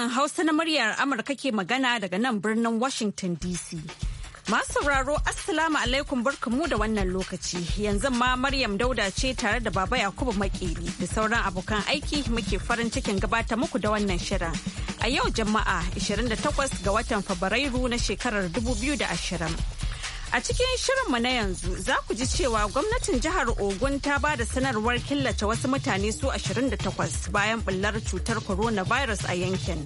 nan Hausa na muryar Amurka ke magana daga nan birnin Washington DC. Masu sauraro Assalamu alaikum barkamu da wannan lokaci. Yanzu ma Maryam Dauda ce tare da Baba Yakubu Makeri da sauran abokan aiki muke farin cikin gabata muku da wannan shirin. A yau Juma'a 28 ga watan Fabrairu na shekarar 2020. A cikin shirinmu na yanzu za ku ji cewa gwamnatin jihar Ogun ta ba da sanarwar killace wasu mutane su 28 bayan bullar cutar coronavirus a yankin.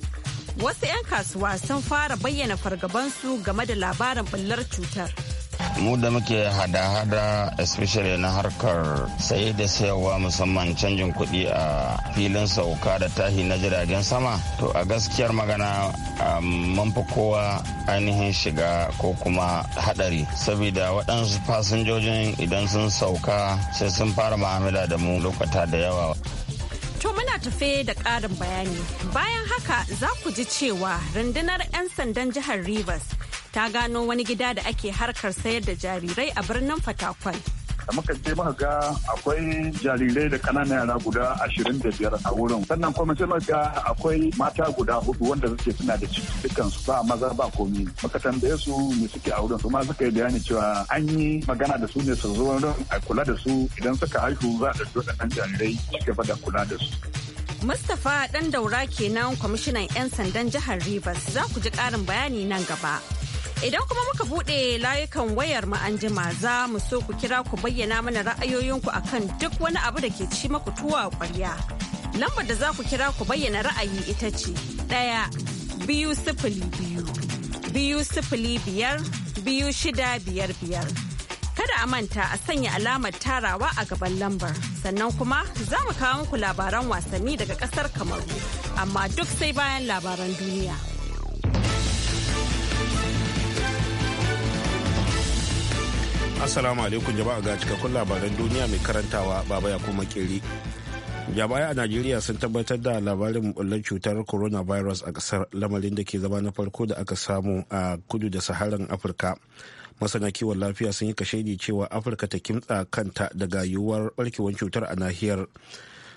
Wasu 'yan kasuwa sun fara bayyana fargabansu game da labarin bullar cutar. mu da muke hada-hada especially na harkar saye da sayarwa musamman canjin kuɗi a filin sauka da tahi na jiragen sama to a gaskiyar magana mun fi kowa ainihin shiga ko kuma hadari saboda waɗansu fasinjojin idan sun sauka sai sun fara ma'amala da mu lokata da yawa To muna tafe da ƙarin bayani. Bayan haka za ku ji cewa rundunar 'yan sandan jihar Rivers ta gano wani gida da ake harkar sayar da jarirai a birnin fatakwal da muka je muka ga akwai jarirai da kananan yara guda ashirin da biyar a wurin sannan kuma sai muka ga akwai mata guda hudu wanda suke suna da ciki dukkan su ba maza ba komi muka tambaye su me suke a wurin kuma suka yi bayani cewa an yi magana da su ne su zo wurin a kula da su idan suka haihu za a ɗauki waɗannan jarirai su da kula da su. Mustapha ɗan daura kenan kwamishinan 'yan sandan jihar Rivers za ku ji ƙarin bayani nan gaba. Idan kuma muka buɗe layukan wayar mu an za mu so ku kira ku bayyana mana ra'ayoyinku akan duk wani abu da ke ci maku tuwa ƙwarya. Lambar da za ku kira ku bayyana ra'ayi ita ce ɗaya biyu sifili biyu biyu sifili biyar biyu shida biyar biyar. Kada a manta a sanya alamar tarawa a gaban lambar sannan kuma za mu kawo muku labaran wasanni daga ƙasar Kamaru amma duk sai bayan labaran duniya. Assalamu alaikum jama'a ga cikakkun labaran duniya mai karantawa baba ya kuma kiri. Jama'a a Najeriya sun tabbatar da labarin bullar cutar coronavirus a kasar lamarin da ke zama na farko da aka samu a kudu da saharan Afirka. Masana kiwon lafiya sun yi kashedi cewa Afirka ta kimtsa kanta daga yiwuwar barkewar cutar a nahiyar.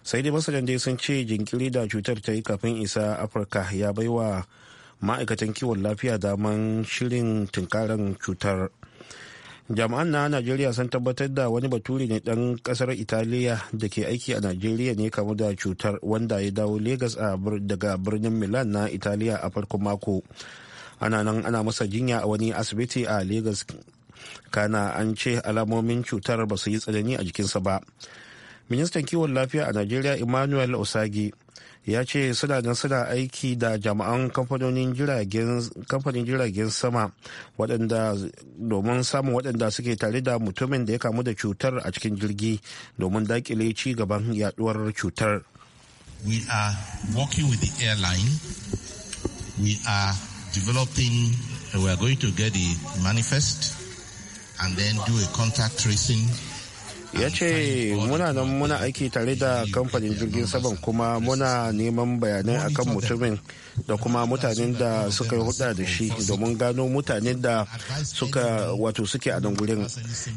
Sai dai masana dai sun ce jinkiri da cutar ta yi kafin isa Afirka ya baiwa ma'aikatan kiwon lafiya daman shirin tunkarar cutar. jami'an na najeriya sun tabbatar da wani baturi ne dan kasar italiya da ke aiki a najeriya ne kamar da cutar wanda ya dawo lagos daga birnin milan na italiya a farkon mako ana nan ana masa jinya a wani asibiti a lagos kana an ce alamomin cutar ba su yi tsanani a jikinsa ba ministan kiwon lafiya a najeriya emmanuel osagi ya ce suna nan suna aiki da jami'an kamfanin jiragen sama waɗanda domin samun waɗanda suke tare da mutumin da ya kamu da cutar a cikin jirgi domin dakile ci gaban yaduwar cutar. We are working with the airline. We are developing, we are going to get a manifest and then do a contact tracing ya ce muna nan muna aiki tare da kamfanin jirgin saman kuma muna neman bayanai akan mutumin da kuma mutanen da suka yi hudu da shi domin gano mutanen da suka wato suke a nan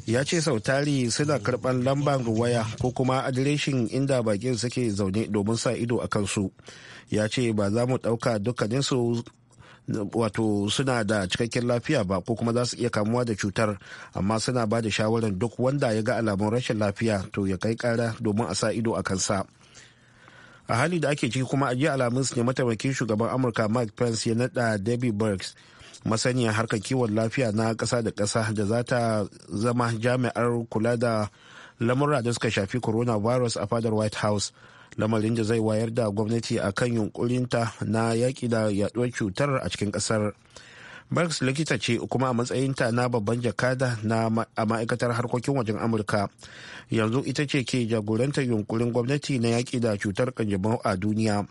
ya ce sautari suna karban lambar waya ko kuma adireshin inda bakin suke zaune domin sa ido a kansu ya ce ba za mu ɗauka dukkaninsu wato suna da cikakken lafiya ba ko kuma za su iya kamuwa da cutar amma suna ba da shawarar duk wanda ya ga alamun rashin lafiya to ya kai kara domin a sa ido a kansa a hali da ake ciki kuma ajiye jiya su ne mataimakin shugaban amurka mike pence ya nada debbie burks masaniya harkar kiwon lafiya na kasa da kasa da za ta zama jami'ar kula da lamurra da suka shafi coronavirus a fadar white house lamarin da zai wayar da gwamnati a kan yunkurinta na yaƙi da yaɗuwar cutar a cikin ƙasar. Barks likita ce kuma a matsayinta na babban jakada na a ma'aikatar harkokin wajen Amurka. Yanzu ita ce ke jagorantar yunkurin gwamnati na yaƙi da cutar kanjamau a duniya.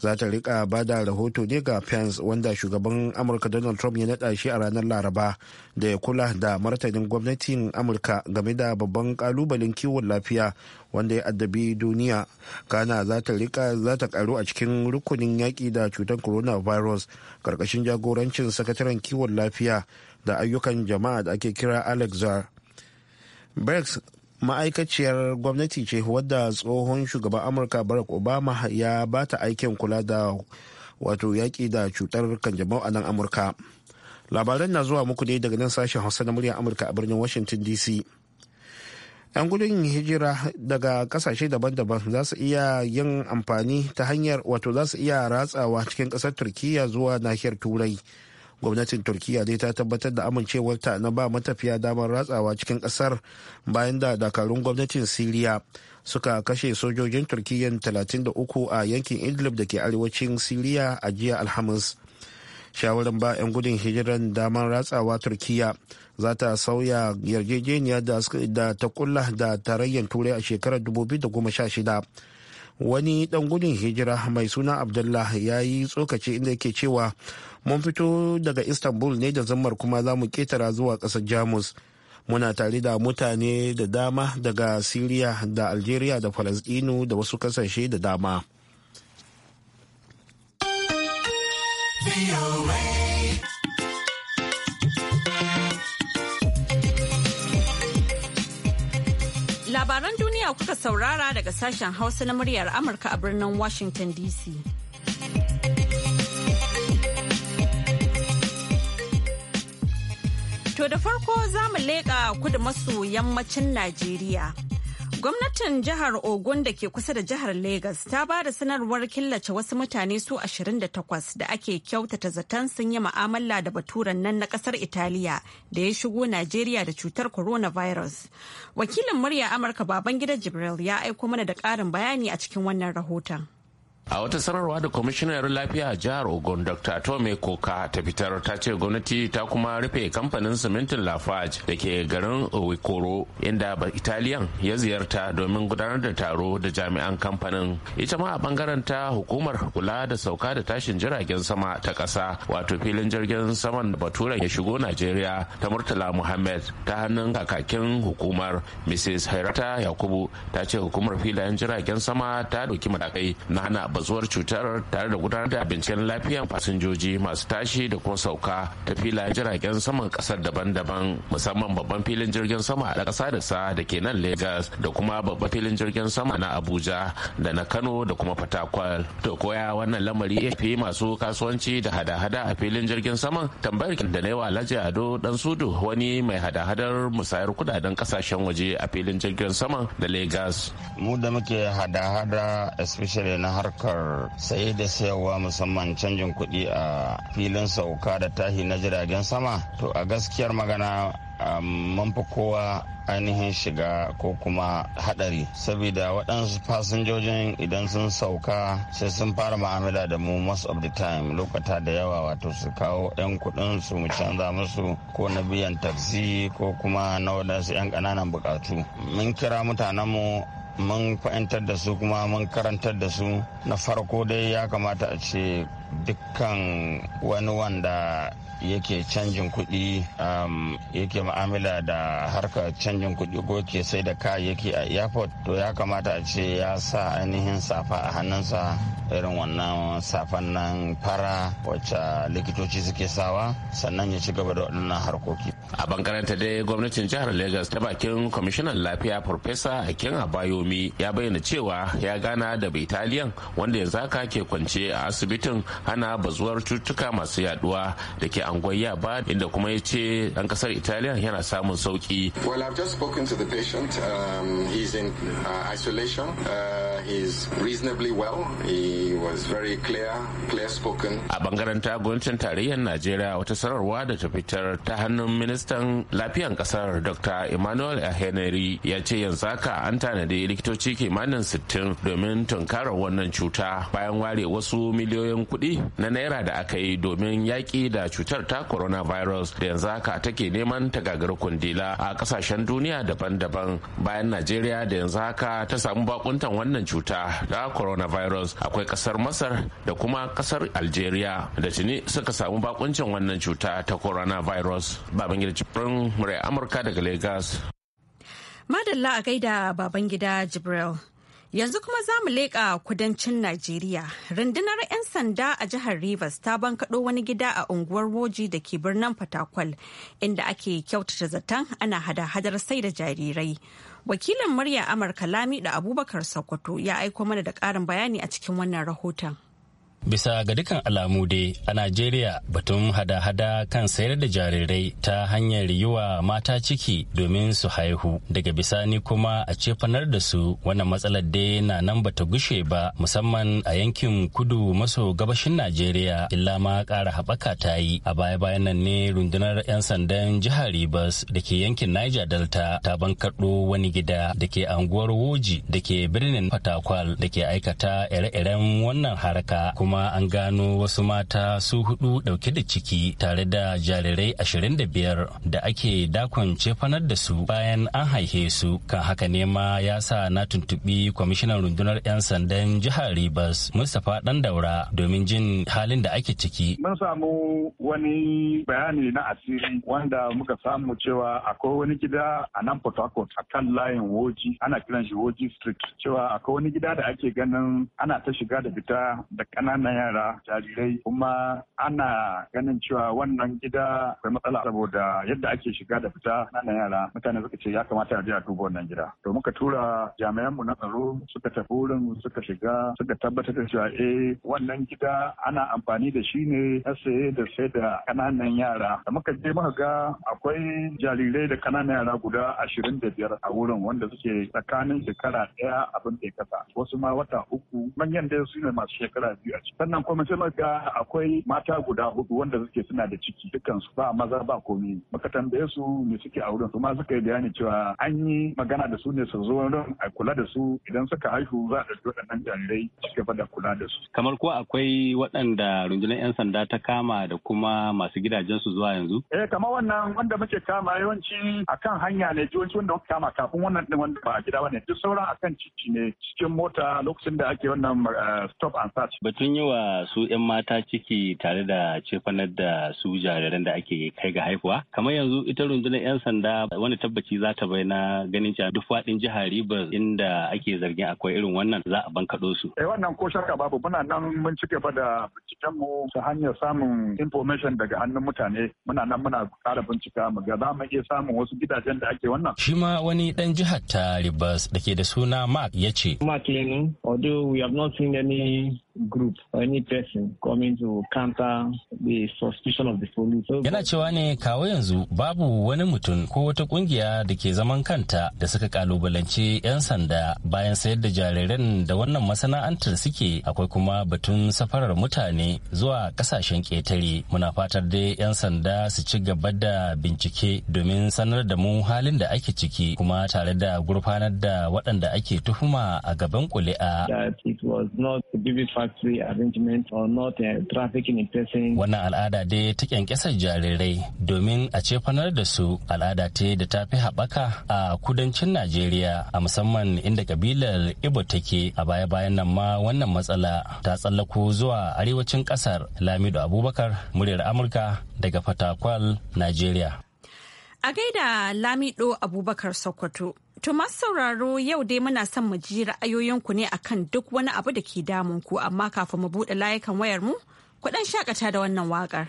za ta rika ba da rahoto ne ga pence wanda shugaban amurka donald trump ya naɗa shi a ranar laraba da ya kula da martanin gwamnatin amurka game da babban kalubalen kiwon lafiya wanda ya addabi duniya kana za ta rika za ta karu a cikin rukunin yaƙi da cutar coronavirus karkashin jagorancin sakataren kiwon lafiya da ayyukan jama'a da ake kira alexa. brex ma'aikaciyar gwamnati ce wadda tsohon shugaban amurka barack obama ya ba ta aikin kula da wato yaƙi da cutar kanjamau a nan amurka labaran na zuwa muku ne daga nan sashen hausa na muryar amurka a birnin washington dc 'yan gudun hijira daga kasashe daban-daban za su iya yin amfani ta hanyar wato za su iya ratsawa cikin ƙasar turkiyya zuwa nahiyar turai gwamnatin turkiya dai ta tabbatar da amincewarta na ba matafiya damar ratsawa cikin kasar bayan da dakarun gwamnatin siriya suka kashe sojojin turkiyyan 33 a yankin idlib da ke arewacin siriya a jiya alhamis shawarar ba 'yan gudun hijiran damar ratsawa turkiya za ta sauya yarjejeniya da ta kulla da tarayyar turai a shekarar 2016 wani dan gudun hijira mai suna abdullah ya yi tsokaci inda yake cewa mun fito daga istanbul ne da zammar kuma za mu ketara zuwa ƙasar jamus muna tare da mutane da dama daga Syria da algeria da falasdino da wasu ƙasashe da dama labaran duniya kuka saurara daga sashen hausa na muryar amurka a birnin washington dc To da farko za mu leƙa kudu maso yammacin Najeriya. Gwamnatin jihar Ogun da ke kusa da jihar Legas ta ba da sanarwar killace wasu mutane su 28 da ake kyautata zaton sun yi ma'amala da baturen nan na kasar Italiya da ya shigo Najeriya da cutar coronavirus. Wakilin murya Amurka Babangida Jibril ya aiko mana da ƙarin bayani a cikin wannan rahoton. a wata sanarwa da kwamishinar lafiya a jihar ogun dr tome koka ta fitar ta ce gwamnati ta kuma rufe kamfanin simintin lafarge da ke garin Owekoro inda ba italiyan ya ziyarta domin gudanar da taro da jami'an kamfanin ita ma a bangaren ta hukumar kula da sauka da tashin jiragen sama ta ƙasa wato filin jirgin saman da baturen ya shigo najeriya ta murtala muhammad ta hannun kakakin hukumar mrs hairata yakubu ta ce hukumar filayen jiragen sama ta ɗauki matakai na hana bazuwar cutar tare da gudanar da binciken lafiyar fasinjoji masu tashi da kuma sauka ta filayen jiragen saman kasar daban-daban musamman babban filin jirgin sama na kasa da sa da ke nan Legas da kuma babban filin jirgin sama na Abuja da na Kano da kuma Fatakwal. To koya wannan lamari ya fi masu kasuwanci da hada-hada a filin jirgin saman tambayar da na yi wa Alhaji Ado Dan Sudu wani mai hada-hadar musayar kudaden kasashen waje a filin jirgin saman da Legas. Mu da muke hada-hada especially na harka harkar saye da sayarwa musamman canjin kuɗi a filin sauka da tahi na jiragen sama to a gaskiyar magana mun fi kowa ainihin shiga ko kuma hadari saboda waɗansu fasinjojin idan sun sauka sai sun fara ma'amala da mu most of the time lokata da yawa wato su kawo 'yan kuɗin su mu canza musu ko na biyan taxi ko kuma na waɗansu 'yan ƙananan bukatu mun kira mutanenmu mun fahimtar da su kuma mun karantar da su na farko dai ya kamata a ce dukkan wani wanda yake canjin kuɗi um, yake ma'amila da harkar canjin kuɗi ko ke sai da kayayyaki a airport to ya kamata a ce ya sa ainihin safa a hannunsa irin wannan safan nan fara wacce likitoci suke sawa sannan ya ci gaba da waɗannan harkoki a ta dai gwamnatin jihar lagos ta bakin kwamishinan lafiya farfesa akin abayomi ya bayyana cewa ya gana da italiyan wanda ya zaka ke kwance a asibitin hana bazuwar cutuka masu yaduwa da ke angon yaba inda kuma ya ce ɗan kasar italiya yana samun sauki well i've um, uh, isolation uh, a bangaren tagoncin tarayyar najeriya wata sanarwa da ta fitar ta hannun ministan lafiyan kasar dr emmanuel henry ya ce yanzu haka an tanadi likitoci kimanin 60 domin tunkarar wannan cuta bayan ware wasu miliyoyin kuɗi na naira da aka yi domin yaƙi da cutar cutar ta coronavirus da yanzu haka take neman ta gagar kundila a kasashen duniya daban-daban bayan najeriya da yanzu haka ta samu bakuntan wannan cuta da coronavirus akwai kasar masar da kuma kasar algeria da tuni suka samu bakuncin wannan cuta ta coronavirus babangida jibrin murai amurka daga lagos madalla a gaida babangida jibril Yanzu kuma za mu leƙa kudancin Najeriya. Rundunar 'yan sanda a jihar Rivers ta bankaɗo wani gida a unguwar Woji da ke birnin Fatakwal, inda ake kyautata zaton ana hada-hadar sai da jarirai. Wakilin murya Amurka Lami da Abubakar Sokoto ya aiko mana da ƙarin bayani a cikin wannan rahoton. bisa ga dukkan alamu dai a najeriya batun hada-hada kan sayar da jarirai ta hanyar yiwa mata ciki domin su haihu daga bisani kuma a cefanar da su wannan matsalar dai na nan bata gushe ba musamman a yankin kudu maso gabashin najeriya illa ma kara haɓaka ta yi a baya-bayan nan ne rundunar 'yan sandan jihar ribas da ke yankin niger delta ta bankaɗo wani gida da ke anguwar woji da ke birnin fatakwal da ke aikata ire-iren wannan haraka kuma an gano wasu mata su hudu dauke da ciki tare da jarirai ashirin da biyar da ake dakon cefanar da su bayan an haihe su kan haka nema ya sa na tuntubi kwamishinan rundunar 'yan sandan jihar Ribas Mustapha Dan Daura domin jin halin da ake ciki. Mun samu wani bayani na asiri wanda muka samu cewa akwai wani gida a nan Port Harcourt a kan layin Woji ana kiran shi Woji Street cewa akwai wani gida da ake ganin ana ta shiga da fita da ƙananan wa'annan yara jarirai kuma ana ganin cewa wannan gida akwai matsala saboda yadda ake shiga da fita nan yara mutane suka ce ya kamata a je a duba wannan gida to muka tura jami'an mu na tsaro suka tafi wurin suka shiga suka tabbatar da cewa eh wannan gida ana amfani da shi ne na saye da sai da kananan yara da muka je muka ga akwai jarirai da kananan yara guda ashirin da biyar a wurin wanda suke tsakanin shekara ɗaya abin da ya kasa wasu ma wata uku manyan da su ne masu shekara biyu a sannan kuma sai maka akwai mata guda hudu wanda suke suna da ciki dukkan su ba maza ba komi muka tambaye su me suke a wurin su ma suka yi bayani cewa an yi magana da su ne su zo wurin a kula da su idan suka haihu za a ɗauki waɗannan jarirai ci gaba da kula da su. kamar ko akwai waɗanda rundunar 'yan sanda ta kama da kuma masu gidajen su zuwa yanzu. eh kamar wannan wanda muke kama yawanci akan hanya ne yawanci wanda muka kama kafin wannan ɗin wanda ba a gida ba ne duk sauran akan ciki ne cikin mota lokacin da ake wannan eh, stop and search. batun yi wa su 'yan mata ciki tare da cefanar da su jariran da ake kai ga haihuwa kamar yanzu ita rundunar 'yan sanda wani tabbaci za ta bai na ganin cewa duk faɗin jihar Rivers inda ake zargin akwai irin wannan za a bankaɗo su. Eh wannan ko shakka babu muna nan mun ci gaba da binciken mu ta hanyar samun information daga hannun mutane muna nan muna ƙara bincika mu ga za mu iya samun wasu gidajen da ake wannan. Shi ma wani ɗan jihar ta Rivers da ke da suna Mark ya ce. Mark Lenin although we have not seen any group or any person coming to counter the suspicion of the police. Yana cewa ne kawo yanzu babu wani mutum ko wata kungiya da ke zaman kanta da suka kalubalance 'yan sanda bayan sayar da jariran da wannan masana'antar suke akwai kuma batun safarar mutane zuwa kasashen ƙetare. Muna fatar dai 'yan sanda su ci gaba da bincike domin sanar da mu halin da ake ciki kuma tare da gurfanar da waɗanda ake tuhuma a gaban kuli'a. was not a factory arrangement or not a trafficking in person. Wannan al'ada dai ta kyankyasar jarirai domin a cefanar da su al'ada ce da ta fi haɓaka a kudancin Najeriya a musamman inda kabilar Ibo take a baya-bayan nan ma wannan matsala ta tsallako zuwa arewacin ƙasar Lamido Abubakar muryar Amurka daga Fatakwal, Najeriya. A gaida Lamido Abubakar Sokoto. To masu sauraro yau dai muna son mu ji ra'ayoyinku ne akan duk wani abu da ke damun amma kafin mu buɗe layukan wayar mu, ku shakata da wannan waƙar.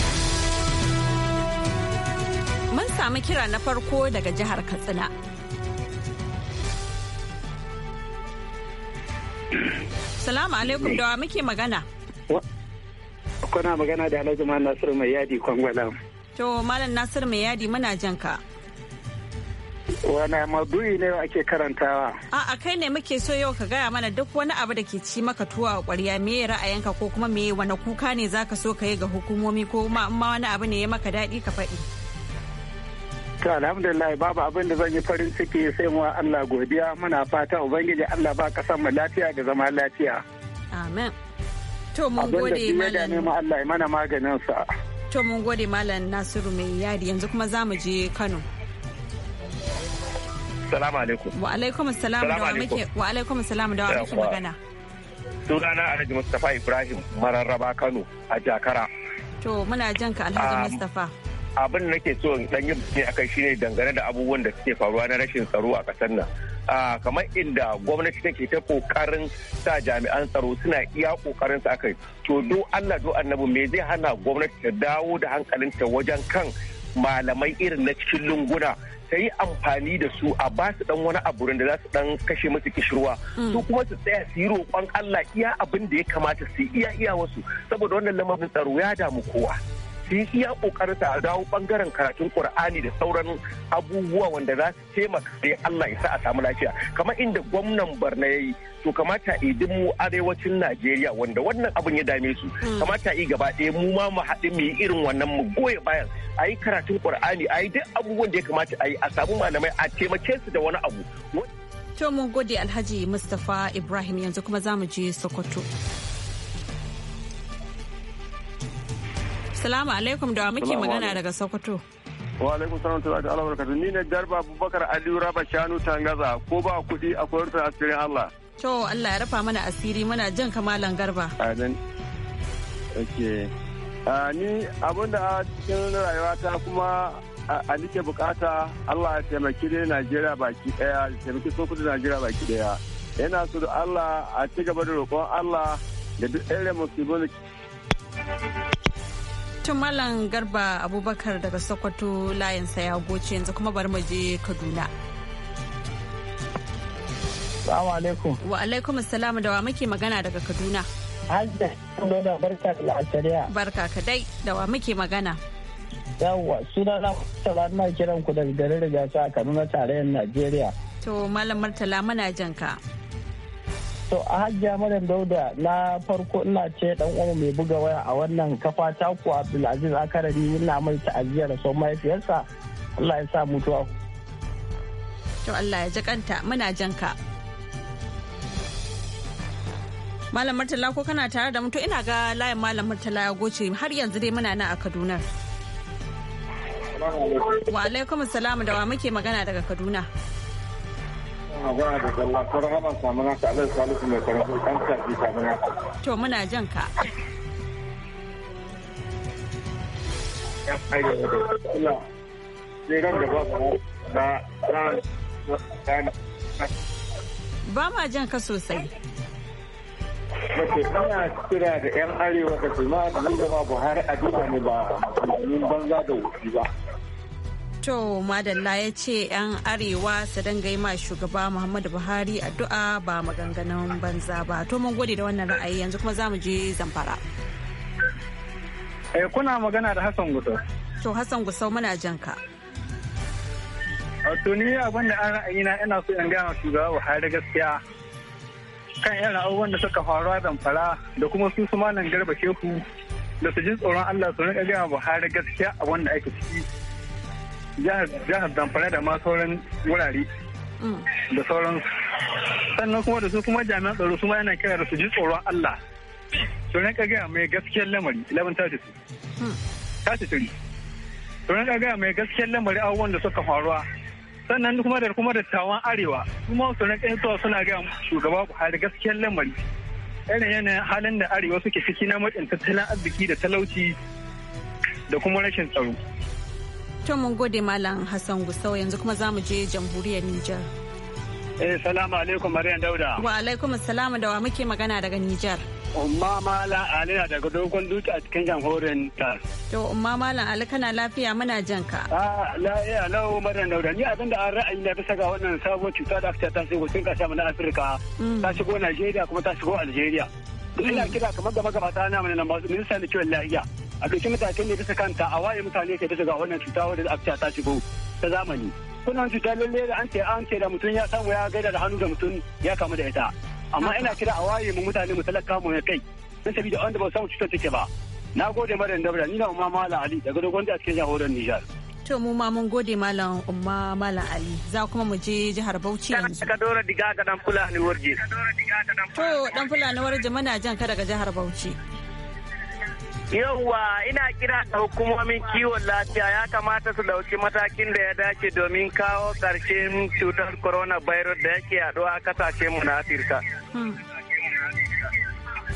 samu kira na farko daga jihar Katsina. Salamu alaikum da muke magana. Kuna magana da Alhaji Malam Nasiru Mai Yadi Kwangwala. To Malam Nasiru Mai Yadi muna jan ka. Wani madu'i ne ake karantawa. A a kai ne muke so yau ka gaya mana duk wani abu da ke ci maka tuwa ƙwarya me ra'ayinka ko kuma me wani kuka ne zaka so ka yi ga hukumomi ko ma wani abu ne ya maka daɗi ka faɗi. To alhamdulillah babu abin da zan yi farin ciki sai mu Allah godiya muna fata ubangiji Allah ba kasan mu lafiya da zama lafiya. Amen. To mun gode malam. Abin da Allah ya mana maganin sa. To mun gode malam Nasiru mai yadi yanzu kuma za mu je Kano. Salamu alaikum. Wa alaikum salam da wa muke wa alaikum assalam da wa muke magana. Sunana Alhaji Mustapha Ibrahim Mararraba Kano a Jakara. To muna jan ka Alhaji um, Mustapha. abin da nake so in dan yi akai akan shine dangane da abubuwan da suke faruwa na rashin tsaro a kasar nan kamar inda gwamnati take ta kokarin sa jami'an tsaro suna iya kokarin sa kai to do Allah do annabi me zai hana gwamnati ta dawo da hankalinta wajen kan malamai irin na cikin lunguna ta yi amfani da su a ba su dan wani abu da za su dan kashe musu kishirwa mm. su kuma su tsaya su yi roƙon Allah iya abin da ya kamata su iya iya wasu saboda wannan lamarin tsaro ya damu kowa su yi iya sa a dawo bangaren karatun Qur'ani da sauran abubuwa wanda za su taimaka dai Allah ya sa a samu lafiya kamar inda gwamnan Barna yayi to kamata a idin mu arewacin Najeriya wanda wannan abun ya dame su hmm. kamata yi gaba ɗaya mu ma mu haɗu mu yi irin wannan mu goye bayan a yi karatun Qur'ani a yi duk abubuwan da ya kamata a yi a samu malamai a taimake su da wani abu. To mun gode Alhaji Mustapha Ibrahim yanzu kuma za mu je Sokoto. Assalamu alaikum da muke magana daga Sokoto. Wa alaikum salam ta zaka Allah barkatu ni ne Garba Abubakar Aliyu Raba Shanu Tangaza ko ba kuɗi akwai rufin asirin Allah. To Allah ya rufa mana asiri muna jin kamalan Garba. Amin. Oke. ni abin da a cikin rayuwata kuma a nike bukata Allah ya taimaki ne Najeriya baki daya ya taimaki Sokoto Najeriya baki daya. Yana so da Allah a ci gaba da roƙon Allah da duk irin musulmi Malam Garba Abubakar daga Sokoto layinsa ya goce yanzu kuma bari mu je Kaduna. Salamu alaikum. Wa alaikum da wa muke magana daga Kaduna. Hajja, da barka da la'asariya. Barka dai da wa muke magana. Yawwa, suna na Murtala na kiran ku daga garin Rigasa a Kaduna tarayyar Najeriya. To, Malam Murtala muna jan ka. to a hajjiya madan dauda na farko ina ce dan uwa mai buga waya a wannan kafa ta ku abdulaziz akarari ina mai ta'aziyya da son mahaifiyarsa allah ya sa mutuwa to allah ya ji kanta muna jan ka malam murtala ko kana tare da mu ina ga layin malam murtala ya goce har yanzu dai muna nan a kaduna wa alaikum salam da wa muke magana daga kaduna magana da zallatar hana samuna alai salisu mai ɗan samuna. To muna jan ka. Ba ma jan ka sosai. Mace ina kira da 'yan arewa da su ma Buhari a duka ne ba, banza da ba. to madalla ya ce 'yan arewa su dangai ma shugaba muhammadu buhari addu'a ba maganganun banza ba to mun gode da wannan ra'ayi yanzu kuma za mu je zamfara eh kuna magana da hassan gusau to hassan gusau muna jan ka to ni abin da an ra'ayi na ina so in gaya shugaba buhari gaskiya kan yan abubuwan da suka faru a zamfara da kuma su su malam garba shehu da su ji tsoron allah su rinka gaya buhari gaskiya abin da ake ciki jihar zamfara da ma sauran wurare mm. da sauran. sannan kuma da su kuma jami'an tsaro su ma yana kira da su ji tsoron Allah ne rinka gaya mai gaskiyar lamari 11:30 to su mm. rinka gaya mai gaskiyar lamari abubuwan da suka faruwa sannan kuma da kuma tawan arewa kuma su kan tsawa suna gaya shugaba Buhari gaskiyar lamari irin yanayin halin da arewa suke ciki na matsin tattalin arziki da talauci da kuma rashin tsaro To mun gode Malam Hassan Gusau yanzu kuma za mu je jamhuriyar Nijar. Eh salamu alaikum Maryam Dauda. Wa alaikum salamu da wa muke magana daga Nijar. Umma Malam Ali na daga dogon dutse a cikin jamhuriyar Nijar. To Umma Malam Ali kana lafiya muna jan ka. a ah, la lau Maryam Dauda ni abinda an ra'ayi na bisa ga wannan sabuwar cuta da aka ta shigo cikin kasashen na Afirka. Mm. Ta shigo nigeria kuma ta shigo Algeria. Ina kira kamar gaba gaba ta na mana nan ba su minista da kiwon lafiya. a ɗauki matakai ne bisa kanta a waye mutane ke bisa ga wannan cuta wadda aka ta shigo ta zamani kunan cuta lalle da an ce an ce da mutum ya samu ya gaida da hannu da mutum ya kamu da ita amma ina kira a waye mu mutane mu talaka mu kai don sabida wanda ba samu cuta take ba na gode madan dabra ni na umma mala ali daga dogon da cikin jahoran nijar to mu ma mun gode malam umma mala ali za kuma mu je jihar bauchi yanzu ka dora diga ga dan fulani warje to dan fulani warje muna jan ka daga jihar bauchi Yauwa ina kira da hukumomin kiwon lafiya ya kamata su dauki matakin da ya dace domin kawo ƙarshen cutar coronavirus da yake yaduwa a mu na Afirka. Hmm.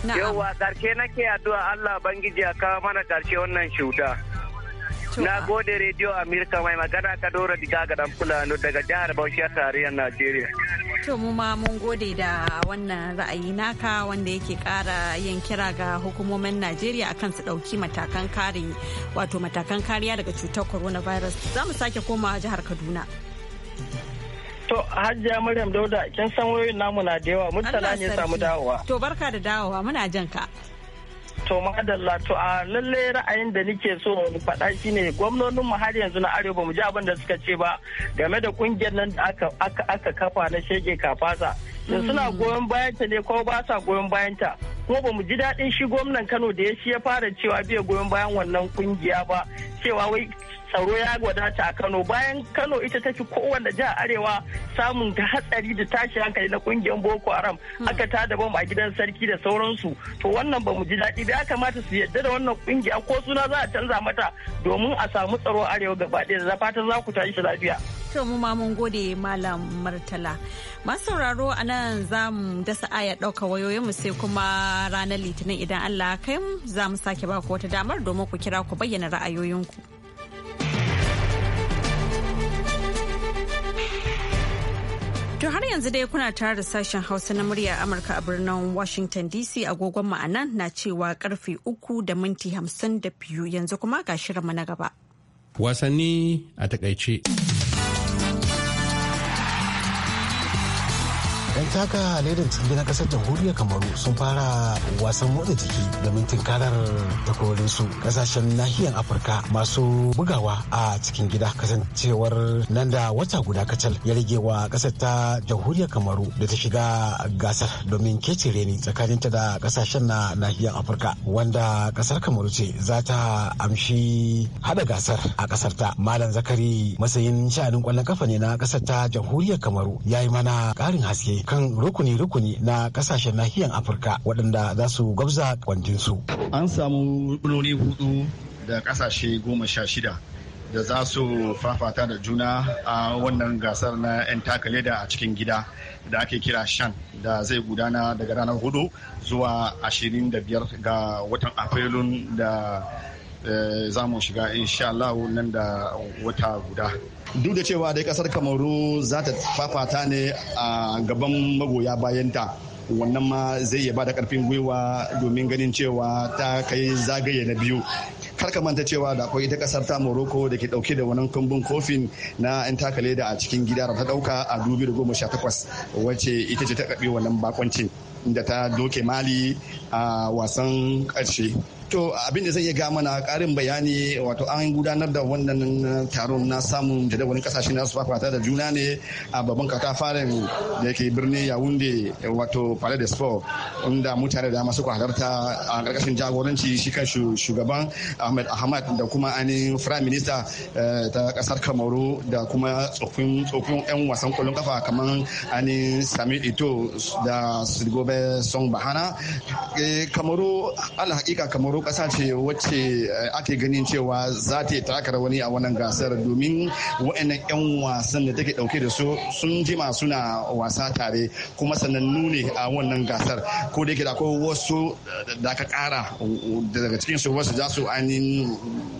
Yauwa ƙarshe nake yaduwa Allah bangiji ya kawo mana ƙarshe wannan cuta. Na gode Radio Amerika mai magana ka Dora Diga ga dan Fulano daga jihar Bauchi a tarayyar Najeriya. To mu ma mun gode da wannan ra'ayi naka wanda yake kara yin kira ga hukumomin Najeriya akan su dauki matakan kare wato matakan kariya daga cutar coronavirus. Za mu sake koma jihar Kaduna. To Hajiya Maryam Dauda kin san wayoyin namu na da yawa mutala ne samu dawowa. To barka da dawowa muna jan ka. To madalla to a lalle ra'ayin da nike so mu faɗa shine gwamnonin mu har yanzu na arewa mu ji abin da suka ce ba game da kungiyar nan da aka kafa na shege kafasa. Da suna mm. goyon bayanta ne ko ba sa goyon bayanta. Kuma ba mu ji daɗin shi gwamnan Kano da ya shi ya fara cewa bai goyon bayan wannan kungiya ba cewa wai tsaro ya wadata a Kano bayan Kano ita take kowanne jiha arewa samun da hatsari da tashi hankali na kungiyar Boko Haram hmm. aka ta da bom a gidan sarki da sauransu to wannan ba mu ji daɗi ba ya kamata su yadda da wannan kungiya ko suna za a canza mata domin a samu tsaro arewa gaba ɗaya da fatan za ku tashi lafiya. to mu ma mun gode malam martala masu sauraro a nan za mu dasa aya ɗauka wayoyinmu sai kuma ranar litinin idan allah kai za mu sake baku wata damar domin ku kira ku bayyana ra'ayoyinku. To har yanzu dai kuna tare da sashen Hausa na murya Amurka a birnin Washington DC agogon ma'ana na cewa karfe uku da minti hamsin da biyu yanzu kuma ga shirinmu na gaba. Wasanni a takaice. taka ledin cikin na kasar jamhuriyar kamaru sun fara wasan motsa jiki da mintin karar takwarorinsu kasashen nahiyar afirka masu bugawa a cikin gida kasancewar nan da wata guda kacal ya rage wa kasar ta jamhuriyar kamaru da ta shiga gasar domin kece reni ta da kasashen na nahiyar afirka wanda kasar kamaru ce za ta amshi hada gasar a kasar ta malam zakari matsayin sha'anin kwallon kafa ne na kasar ta jamhuriyar kamaru ya yi mana karin haske kan rukuni-rukuni na ƙasashen nahiyar afirka waɗanda za su gwabza kwanjinsu an samu rukunoni hudu da ƙasashe goma sha shida da za su fafata da juna a wannan gasar na 'yan takale da a cikin gida da ake kira shan da zai gudana daga ranar hudu zuwa 25 ga watan afrilun da Eh, za mu shiga insha Allah nan da wata guda. Duk da cewa dai kasar Kamaru za ta fafata ne a gaban magoya bayanta wannan ma zai iya da karfin gwiwa domin ganin cewa ta kai zagaye na biyu kar ka manta cewa da akwai ita kasar ta Morocco da ke dauke da wannan kumbin kofin na yan takale da a cikin gida da ta dauka a 2018 wacce ita ce ta kabe wannan bakoncin da ta doke mali a wasan karshe To abin da zai iya ga mana karin bayani wato an gudanar da wannan uh, taron na samun jadawalin kasashe na su fafata da juna ne a babban katafaren da yake birnin Yaounde wato Palais de Sport inda mutane da masu halarta a karkashin jagoranci shi kan shugaban Ahmed Ahmad da kuma ani Prime Minister uh, ta kasar Kamaru da kuma tsofin tsofin yan wasan kwallon kafa kamar ani Sami Ito da Sirgobe Song Bahana eh, Kamaru ala hakika Kamaru kamaru ƙasa ce wacce eh, ake ganin cewa za ta taka rawani a wannan gasar domin wa'annan 'yan wasan da take dauke da su sun jima suna wasa tare kuma sanannu ne a wannan gasar ko da yake da akwai wasu eh, da aka ƙara daga cikin su wasu za su ainihin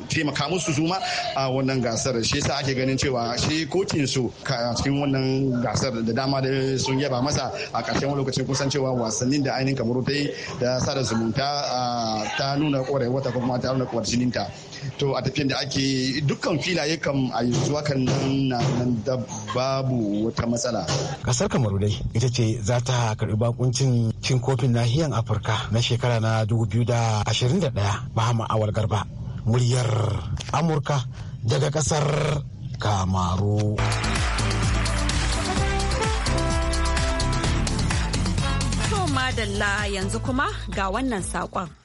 taimaka musu su ma a wannan gasar shi yasa ake ganin cewa shi kocin su cikin wannan gasar da dama da sun yaba masa a ƙarshen lokacin kusan cewa wasannin da ainihin kamaru ta yi da sada zumunta ah, ta nuna nuna kwarai wata kuma ta nuna kwar ta to a tafiyan da ake dukkan filaye kam a zuwa kan nan nan da babu wata matsala kasar kamaru dai ita ce za ta karbi bakuncin cin kofin nahiyan afirka na shekara na 2021 bahama awal garba muryar amurka daga kasar kamaru madalla yanzu kuma ga wannan saƙon.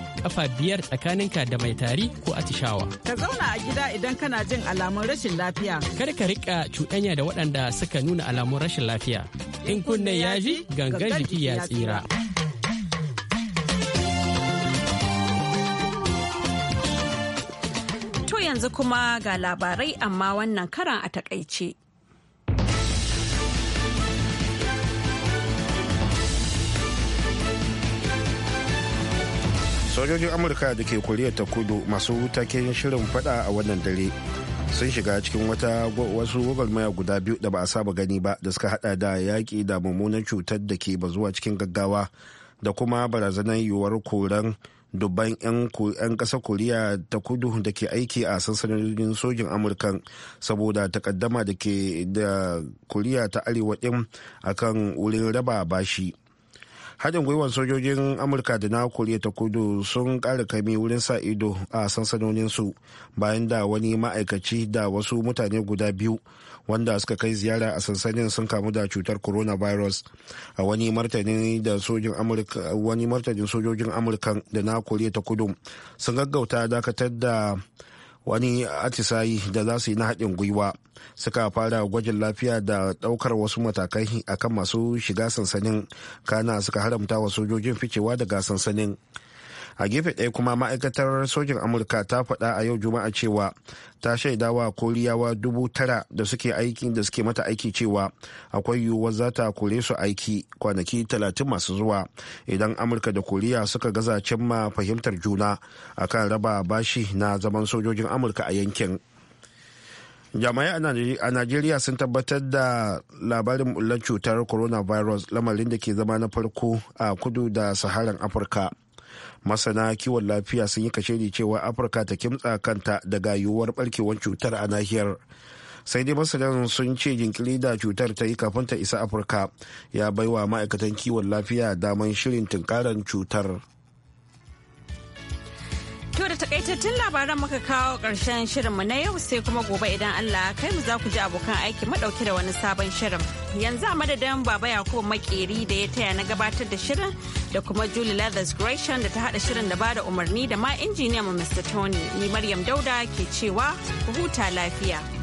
kafa biyar tsakaninka da mai tari ko atishawa. Ka zauna a gida idan kana jin alamun rashin lafiya. Kar ka rika cuɗanya da waɗanda suka nuna alamun rashin lafiya. In kunne ya ji gangan jiki ya tsira. To yanzu kuma ga labarai amma wannan karan a takaice. sojojin amurka da ke koriya ta kudu masu taken shirin fada a wannan dare sun shiga cikin wata wasu gwagwarmaya guda biyu da ba a saba gani ba da suka hada da yaƙi da mummunan cutar da ke bazuwa cikin gaggawa da kuma barazanar yiwuwar koran dubban 'yan ƙasa koriya ta kudu da ke aiki a sansanin sojin amurka saboda takaddama da ke da koriya ta arewa din akan wurin raba bashi haɗin gwiwar sojojin amurka da na koriya ta kudu sun ƙara kami wurin sa ido a sansanoninsu bayan da wani ma'aikaci da wasu mutane guda biyu wanda suka kai ziyara a sansanin sun kamu da cutar coronavirus a wani martani da sojin amurka wani martanin sojojin amurka da na koriya ta kudu sun gaggauta dakatar da wani atisayi da za su yi na haɗin gwiwa suka fara gwajin lafiya da ɗaukar wasu matakai akan masu shiga sansanin kana suka haramta wa sojojin ficewa daga sansanin a gefe ɗaya kuma ma'aikatar sojin amurka ta faɗa a yau juma'a cewa ta shaidawa koriyawa dubu tara da suke aiki da suke mata aiki cewa akwai yiwuwar za ta kore su aiki kwanaki talatin masu zuwa idan amurka da koriya suka gaza cimma fahimtar juna akan raba bashi na zaman sojojin amurka a yankin jami'ai a najeriya sun tabbatar da labarin mullar cutar coronavirus lamarin da ke zama na farko a kudu da saharan afirka masana kiwon lafiya sun yi kashe ne cewa afirka ta kimtsa kanta daga yiwuwar barkewar cutar a nahiyar sai dai masanan sun ce jinkiri da cutar ta yi kafin ta isa afirka ya baiwa ma'aikatan kiwon lafiya daman shirin tunkarar cutar To da takaitattun labaran muka kawo ƙarshen mu na yau sai kuma gobe idan Allah kai mu za ku ji abokan aiki madauke da wani sabon shirin. Yanzu a madadin Baba Yakubu Makeri da ya taya na gabatar da shirin da kuma Julie Leathers Gresham da ta haɗa shirin da bada umarni da ma injiniyan Mr. Tony. Ni Maryam Dauda ke cewa ku huta lafiya.